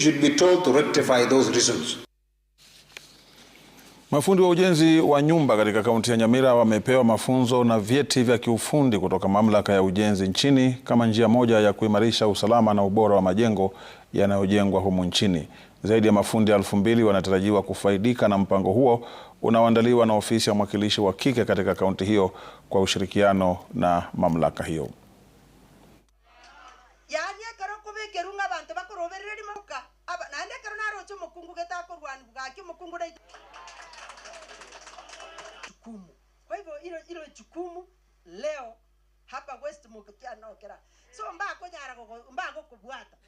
should be told to rectify those reasons. Mafundi wa ujenzi wa nyumba katika kaunti ya Nyamira wamepewa mafunzo na vyeti vya kiufundi kutoka mamlaka ya ujenzi nchini kama njia moja ya kuimarisha usalama na ubora wa majengo yanayojengwa humu nchini. Zaidi ya mafundi elfu mbili wanatarajiwa kufaidika na mpango huo unaoandaliwa na ofisi ya mwakilishi wa kike katika kaunti hiyo kwa ushirikiano na mamlaka hiyo mukunguge takorwani bwaki kwa hivyo leo hapa west so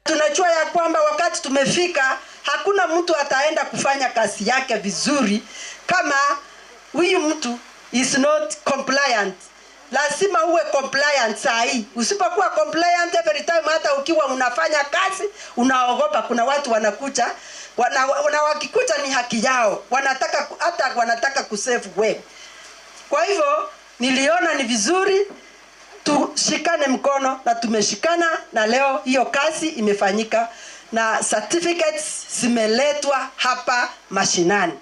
tunajua ya kwamba wakati tumefika hakuna mtu ataenda kufanya kazi yake vizuri kama huyu mtu is not compliant lazima uwe compliant sahii. Usipokuwa compliant every time, hata ukiwa unafanya kazi unaogopa, kuna watu wanakucha wana, wana wakikuta ni haki yao, wanataka hata wanataka kusave web. Kwa hivyo niliona ni vizuri tushikane mkono na tumeshikana, na leo hiyo kazi imefanyika na certificates zimeletwa hapa mashinani.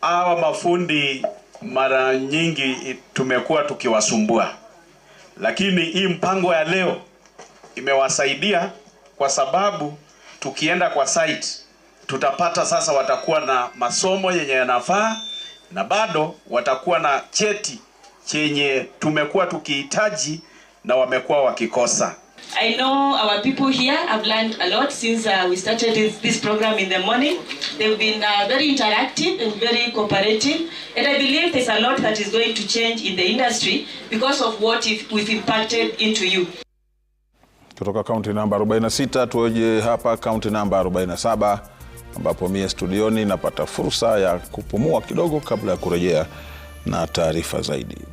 Hawa mafundi mara nyingi tumekuwa tukiwasumbua, lakini hii mpango ya leo imewasaidia kwa sababu tukienda kwa site tutapata sasa, watakuwa na masomo yenye yanafaa na bado watakuwa na cheti chenye tumekuwa tukihitaji na wamekuwa wakikosa. I know our people here have learned a lot since uh, we started this, this program in the morning. They've been uh, very interactive and very cooperative. And I believe there's a lot that is going to change in the industry because of what if we've impacted into you. Kutoka kaunti namba 46 tuoje hapa kaunti namba 47 ambapo mie studioni napata fursa ya kupumua kidogo kabla ya kurejea na taarifa zaidi.